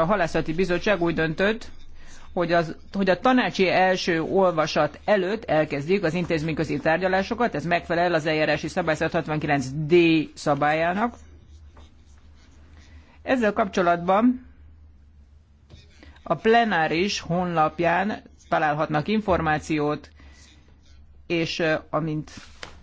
a halászati bizottság úgy döntött, hogy, az, hogy a tanácsi első olvasat előtt elkezdik az intézményközi tárgyalásokat, ez megfelel az eljárási szabályzat 69D szabályának. Ezzel kapcsolatban a plenáris honlapján találhatnak információt, és eh, amint